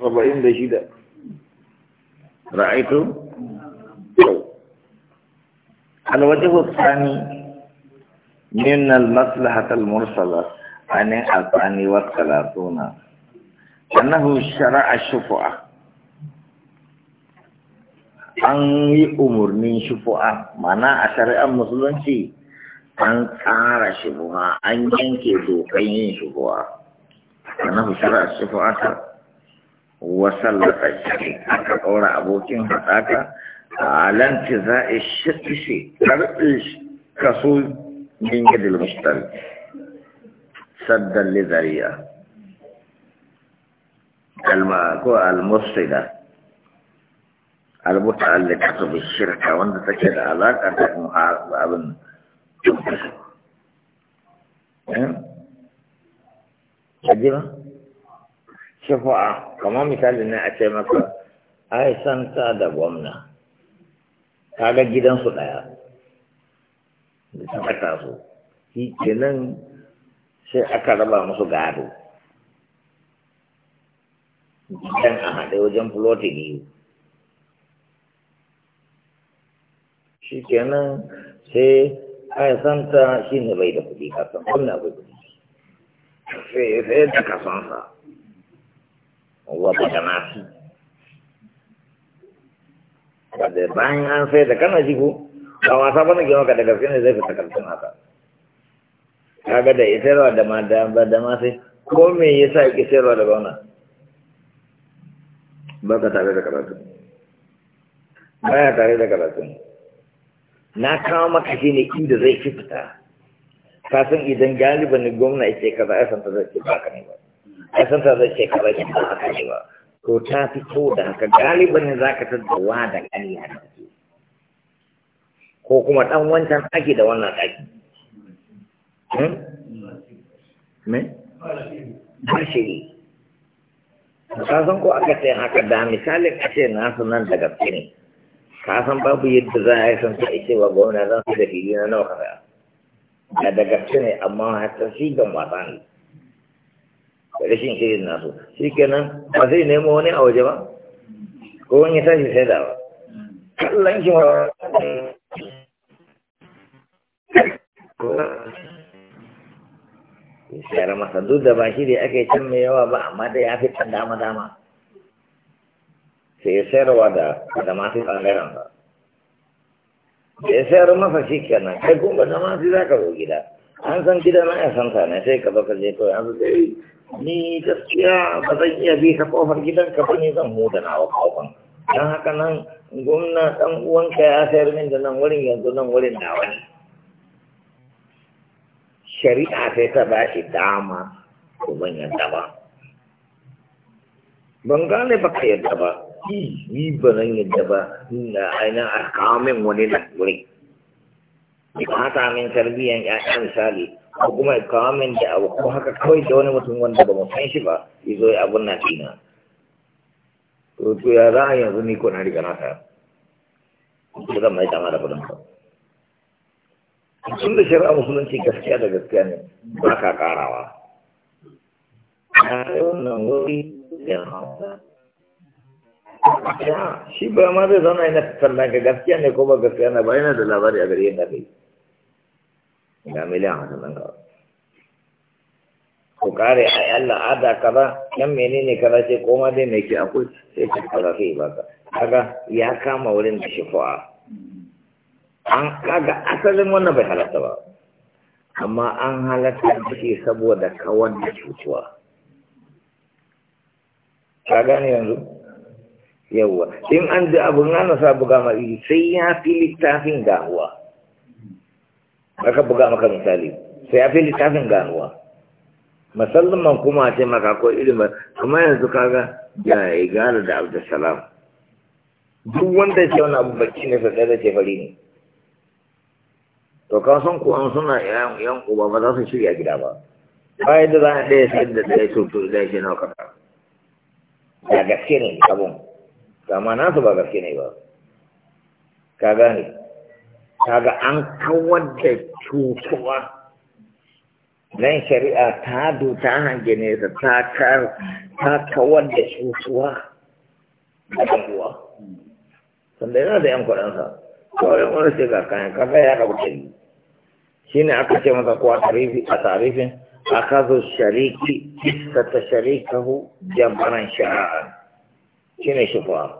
saba'in da shida ra'aitu alwajihu tsani من المصلحة المرسلة عن الثاني والثلاثون أنه شرع shufu'a. an yi umarnin shufu'a mana a shari'ar musulunci an tsara shufu'a an yanke dokan yin shufu'a ana shari'ar shufu'a ta wasallata shi aka ɗora abokin haɗaka a lanti za a shi karɓe kaso min yadda mustari saddan lizariya kalma ko al-mustida al-muta'alliqatu bi shirka wanda take da alaƙa da abin ajira shufa'a kamar misali ne a ce maka ai santa da gwamna kaga gidansu daya, da tabbata su shi kenan sai aka raba musu gado gidan a haɗe wajen fuloti biyu shi kenan sai ai santa shi ne bai da kuɗi kasan gwamna bai kuɗi sai da kasansa wa badanasi kada bayan an sai da kana shigo ba wasa bane ke maka da gaske ne zai fita karshen haka kaga da isarwa da ma da ba da ma sai ko me yasa yake sayarwa da bauna ba ka tare da karatu ba ya tare da karatu na kawo maka shi ne inda zai fi fita kasan idan galiban gwamna ya ce kaza ya santa ba ka ne a san ta zai shekara ki ba haka ne ba to ta fito da haka galibin za ka tattawa da ƙarya da ke ko kuma ɗan wancan ake da wannan ɗaki hmm? me? Bashiri. Kasan ko aka ce haka da misalin a ce nasu nan da gaske ne. Kasan babu yadda za a yi san ta ce wa gwamna zan su da fili na nawa kasa. Da da gaske ne amma hatta shi gan wasa ne. rashin irin nasu shi kenan ba zai nemo wani a waje ba ko wani ya tashi sai da ba kallon shi ma shara masa duk da ba shi da ake can mai yawa ba amma da ya fi can dama dama sai ya sayarwa da da masu ɓangaren ba da ya sayar masa shi kenan kai kuma da masu za ka zo gida an san gida ya san ne sai ka baka je kawai an sai ni gaskiya ba zan iya bi ka kofar gidan ka ba ne zan huda nawa kofan don haka nan gwamna dan uwanka ya sayar min da nan wurin yanzu nan wurin nawa shari'a sai ta ba shi dama ko ban yadda ba ban gane ba ka yadda ba ni ba zan yadda ba na aina a min wani nan haka min tarbiyyan ƴaƴa misali ko kuma ya da abu ko haka kawai da wani mutum wanda ba mu san shi ba ya zo ya abun na dina to ya za a yanzu ni ko na riga na sayar ko zan mai dama da kudin ka tun da shari'a musulunci gaskiya da gaskiya ne ba ka karawa wannan wuri ya shi ba ma zai zauna yana kallon ka gaskiya ne ko ba gaskiya na ba yana da labari a gari yadda kai ga miliyan hamsin nan kawai ku kare a yi Allah ada kaza yan menene kaza sai koma dai mai ke akwai sai ka kaza sai baka kaga ya kama wurin da shi fa'a an kaga asalin wannan bai halatta ba amma an halatta da shi saboda kawar da cutuwa ka gane yanzu yawwa in an ji abun na nasa buga mai sai ya fi littafin gahuwa ka buga maka misali sai ya fi littafin ganuwa musamman kuma a taimaka ko ilimin kuma yanzu kaga da abu da salam. duk wanda ke wani abu baki ne sai da ce fari ne to ka san ko an suna yan uba ba za su shirya gida ba bayan da za a ɗaya sai da ɗaya to da ɗaya shi na kasa ya gaske ne abun kama nasu ba gaske ne ba ka gane kaga an kawar da cutuwa dan shari'a ta duta hange ne ta ta kawar da cutuwa a ɗan'uwa sanda yana da yan kuɗansa kawai wani ce kayan kaga ya rabu da yi shi ne aka ce masa kuwa a tarifin akazo shariki kissata sharikahu jam'an sha'an shine shufa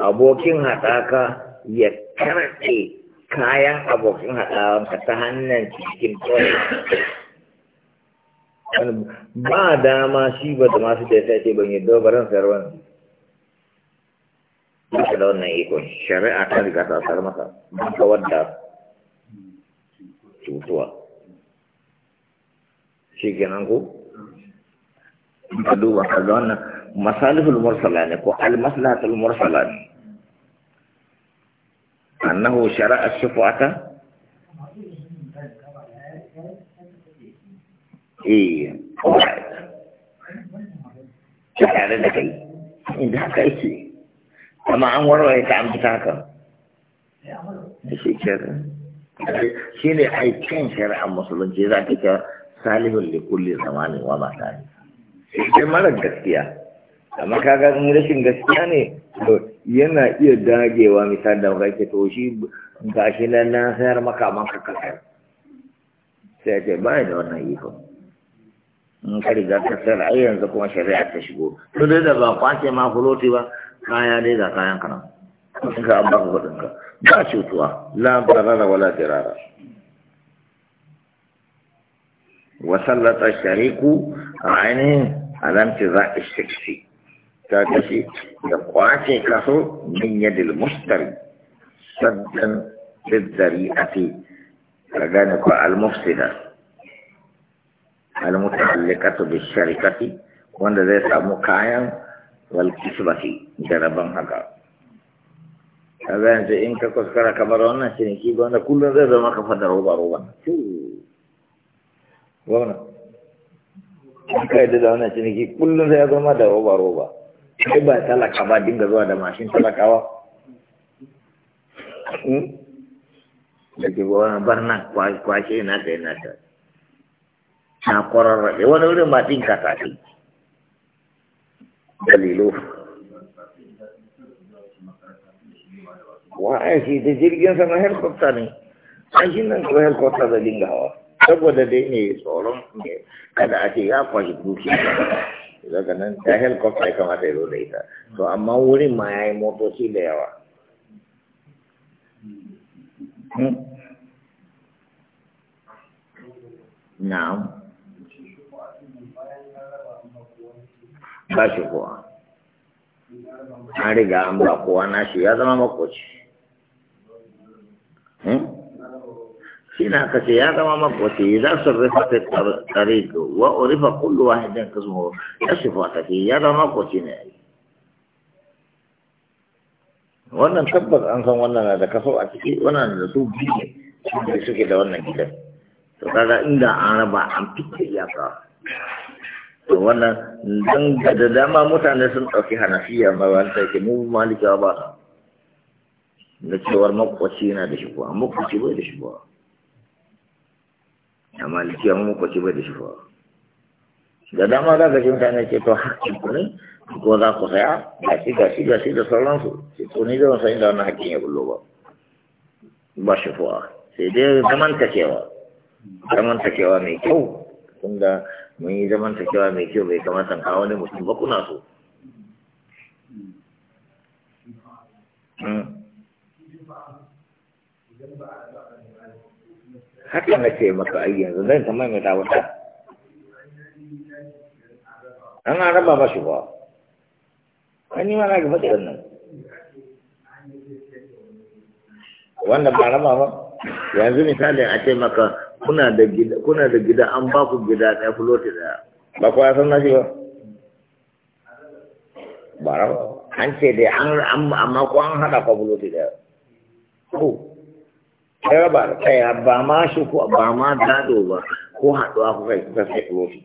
abokin haɗaka ya karɗe kayan abokin haɗawanka ta hannun cikin kawai ba dama shi ba da masu da ya ce ban yadda baran sayar wani duka da wannan iko shari'a ta riga ta sayar masa duka wadda cutuwa shi kenan ko ka duba ka ga wannan masalihul mursala ne ko al maslahatul mursala ne أنه شرع الشفعة إيه tare da kai inda haka yake amma an warware ta amsa haka da shekarar shi ne aikin shari'ar musulunci za ta kya salihun da zamani wa mata ne gaskiya amma kaga in rashin gaskiya ne to yana iya dagewa misal da ke to shi shi nan na sayar maka amma ka kasar sai ce ba da wannan iko in ka riga ka sayar ai yanzu kuma shari'a ta shigo to dai da ba kwace ma fuloti ba kaya dai da kayan ka nan in ka an baka kuɗin ka ba cutuwa la barara wala dirara a ainihin alamci على امتضاء shi. تاتي لقواتي له من يد المفتر سدا للذريئة لجانب المفسدة المتعلقة بالشركة وأن ذات مكايا والكسبة جربا هكا أبان سئين كاكوس كارا كبرونا سنكي بانا كل ذات ما كفد روبا روبا وانا كاكوس كارا كبرونا سنكي كل ذات ما كفد sai ba talaka ba dinga zuwa da mashin talakawa hmm? da ke wani barna kwashe na ta yana ta na kwararrabe wani wurin ba ɗin ka tafi dalilu wa'ai shi da jirgin sama helikwafta ne a shi nan kuma helikwafta da dinga hawa saboda dai ne tsoron kada a ce ya kwashe dukiya daga nan ta helicopter ya kamata ya zo da ita to amma wurin ma ya yi motoci da yawa hmm? na'am ba shi kuwa an riga an kowa nashi ya zama makoci ya هنا كثيرا تمام قوتي إذا صرفت الطريق ya كل واحد قسمه ya كثيرا تمام ne. wannan tabbas an san wannan na da kaso a ciki wannan da su biyu da suke da wannan gidan to kaga inda an raba an fice iyaka to wannan dan da dama mutane sun ɗauki hanafiya ba ta ke mu malika ba da cewar makwaci yana da shigowa makwaci bai da shigowa a malikiya mu kwaci bai da shi da dama za ka mutane ce to hakkin ku ne ko za ku saya gasi gasi gasi da sauransu sai to ni zan san inda wannan hakkin ya bullo ba ba shi sai dai zamantakewa zamantakewa mai kyau tunda mun yi zamantakewa mai kyau bai kamata ka wani mutum ba kuna so Mm-hmm. haka na ce maka ai yanzu zan ta maimaita wata an an raba ba shi ba an yi mana gaba faɗi nan, wanda ba raba ba yanzu misali a ce maka kuna da gida kuna da gida an ba ku gida ɗaya fuloti da ba ku ya san na shi ba ba raba an ce dai an amma ko an hada ka da ɗaya ya raba da kaya ba ma shi ko ba ma gado ba ko haɗuwa kuka yi kuka sai ɗuwa shi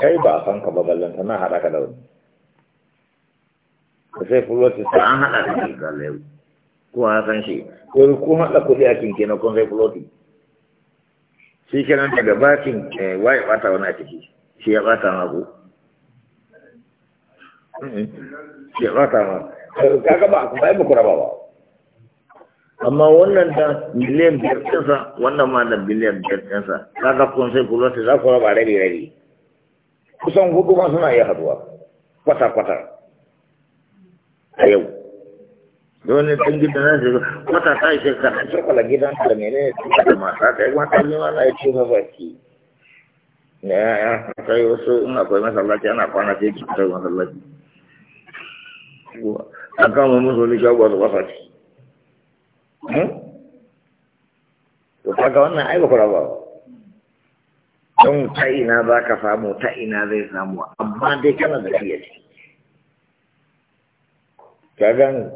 kai ba san ka ba ballanta na haɗa ka da wani ka sai fuloti sai an haɗa ka da galewu ko a san shi ko ko haɗa kuɗi a kinke na kun sai fuloti shi nan daga bakin eh, waye ɓata wani a ciki shi ya ɓata ma ku shi ya ɓata ma kaga ba ku ba ku raba ba amma wannan da miliyan biyar ɗinsa wannan ma da miliyan biyar ɗinsa kaga kun sai kula ta za ku raba rabi rabi kusan hudu ma suna iya haduwa kwata kwata a yau da wani tun gidan na shiga kwata ta ishe ka na shakala gidan ta mene ne ta da mata ta yi mata ne ma na yi ce ma baki na ya kai wasu in akwai masallaci ana kwana sai ki fitar masallaci a kama musu wani shagwa su wasa ciki Hmm? to kaga wannan ai ba ku raba ba don ta ina za ka samu ta ina zai samu amma dai kana da fiye ce kagan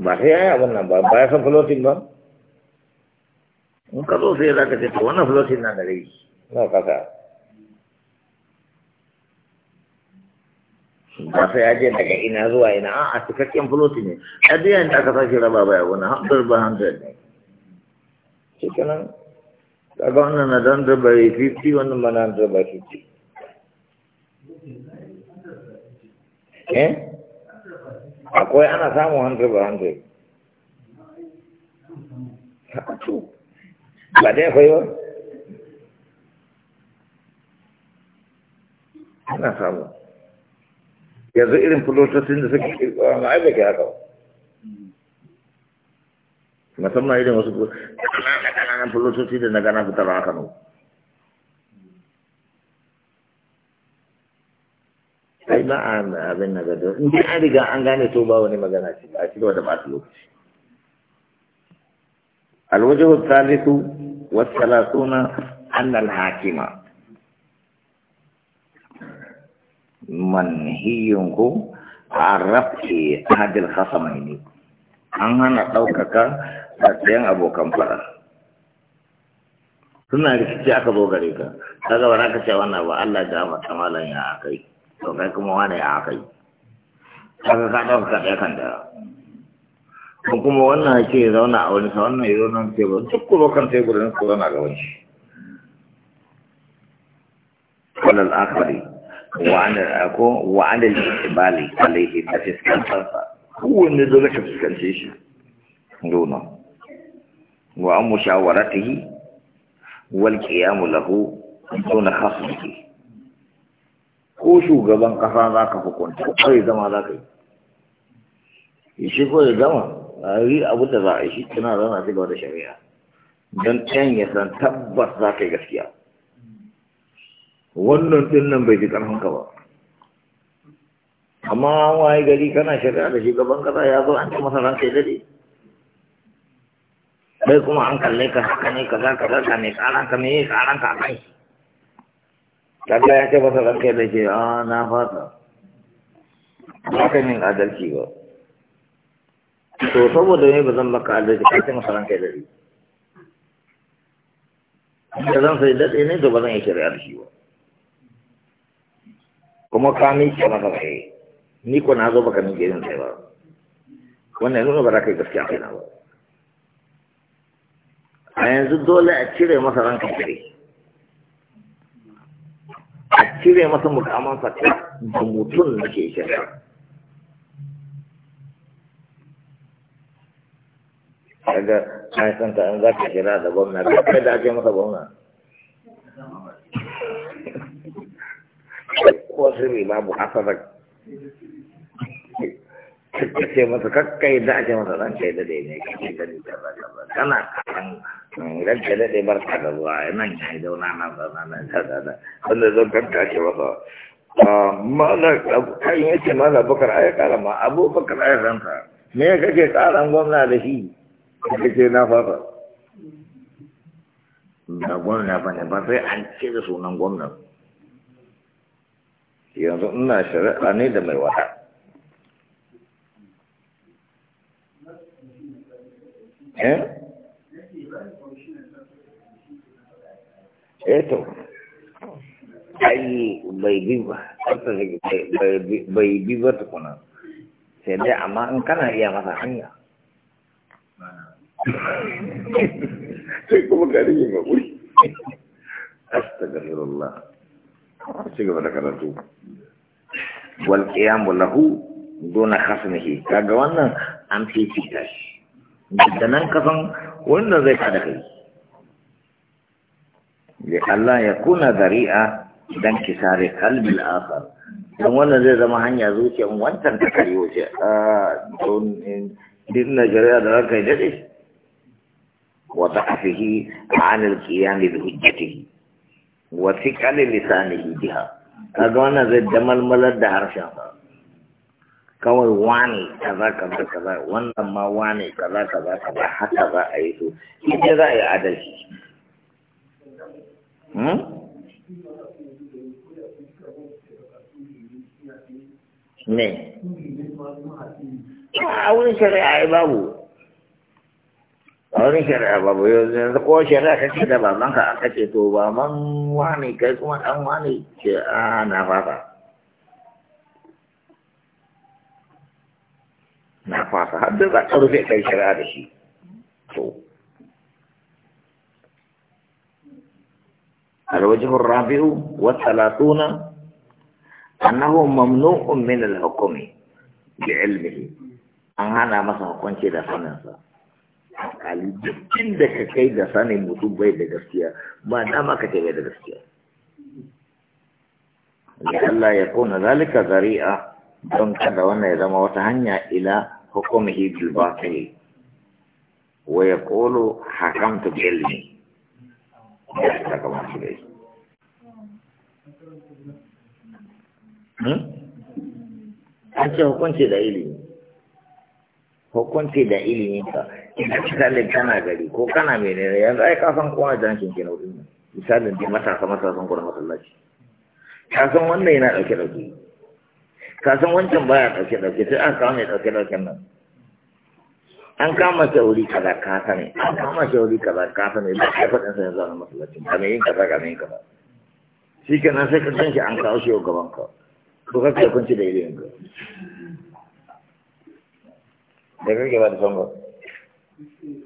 ba sai ya yi abin nan ba ba ya san floating ba in ka zo sai za ka ce to wannan floating na da rai na kasa ba sai ya je daga ina zuwa ina a a cikakken fuloti ne a duk da aka sashi raba wani hamdar ba hamdar ne shi kanan kaga wannan na dan da bai wannan ma na da eh akwai ana samun 100 ba 100 ba dai akwai ba ana samun yanzu irin fulotocin da suke kirkira ah, ma ai baki haka musamman irin wasu ƙananan fulotoci da na gana fitar haka nau ai ba a abin na gado in an riga an gane to ba wani magana ce a cikin wata ɓata lokaci alwajahu salisu wasu salasuna annal hakima manhiyunku arrafi ahadil khasamaini an hana ɗaukaka tsayen abokan fara suna rikici aka zo gare ka kaga ba ka ce wannan ba Allah ya mata malan ya akai to kai kuma wani ya akai kaga ka ɗaukaka ɗaya kan da ko kuma wannan ke zauna a wani sa wannan ya zauna ce ba duk kuma kan teburin ku zauna gaban shi wannan akari وعن الاستقبال عليه تفسكن هو النزول تفسكن شيء دونه وعن مشاورته والقيام له دون خصمه ko shugaban kasa za ka hukunta kawai zama za ka yi shi ya zama a yi abu da za a yi shi tana zama ci da shari'a don can ya san tabbas za ka yi gaskiya wannan ɗin nan bai ji ƙarfinka ba amma waye gari kana shari'a da shugaban ƙasa ya zo an ce masa kai dade bai kuma an kalle ka haka ne kaza kaza ka ne karan ka me karan ka kai kaga ya ce masa ranka dade a ah, na fata ba ka min adalci ba to saboda ne ba zan baka adalci ka ce masa kai dade ka zan sai dade ne to ba zan yi shari'a da shi ba kuma ka miƙe masa ba ni ko na zo baka ni yin sai ba wannan nuna ba za ka yi gaskiya kai na ba a yanzu dole a cire masa ranka kire a cire masa sa ta da mutum da ke shirya daga an santa an za kira da gwamna da kai da ake masa gwamna ko sirri babu hasada kakkace masa kakkai da ake masa ran kai dai ne kake da ni kaza ba kana kan ran kai dade barka da ruwa nan ya yi zauna nan zauna nan da da da wanda zan ah, kanta ce masa malak kan ce mana bakar ai kala ma abubakar ai ranta me kake karan gwamna da shi kake na fata da gwamna ba ne ba sai an ce da sunan gwamna. yanzu ina shari'a ne da mai wata eto eh? eh ai bai bi ba bai bi ba tukuna sai dai amma in kana iya masa hanya sai kuma gari yin haƙuri astagfirullah سيقول لك أنا تو والقيام له دون خصمه كاغوانا أمتي تيتاش جدنان كفن وإن ذي كدخل لألا يكون ذريعا دن كسار قلب الآخر دون وإن ذي زمان هنيا ذوتي أم وانتا تكريوشي آه دون دين جريا دراكي جديش وضعفه عن القيام بحجته wasi kalin lisanihi biha kaga wannan zai damalmalar da harshen sa kawai wani kaza kaza kaza wannan ma wani kaza kaza kaza haka za a yi so, ita za a yi adalci ne hmm? a wurin shari'a ya babu a wani shari'a babu yanzu ko shari'a kake da baban ka aka ce to baban wani kai kuma dan wani ce a na fasa na fasa har da za ka rufe kai shari'a da shi to الوجه الرابع والثلاثون أنه ممنوع من الحكم بعلمه أن هذا مثلا كنت دفنه hankali duk inda ka kai da sanin mutum bai da gaskiya ba dama ka ce bai da gaskiya da Allah ya kona zalika zari'a don kada wannan ya zama wata hanya ila hukumihi bil batil wa yaqulu hakamtu bi ilmi ya saka masu dai an ce hukunci da ilimi hukunci da ilimin ka misalin kana gari ko kana mai yanzu ai ka san kowa da ke nau'in wurin misalin dai matasa matasan kuna masallaci ka san wannan yana dauke dauke, ka san wancan baya dauke dauke, sai an kama mai dauke ɗauken nan an kama wuri kaza ka sani an kama wuri kaza ka sani da ka faɗin sa yanzu a masallacin ka mai yin kaza ka mai yin kaza shi kenan sai ka san shi an kawo shi gaban ka ko ka kai kunci da irin ka da kake ba da son ba This is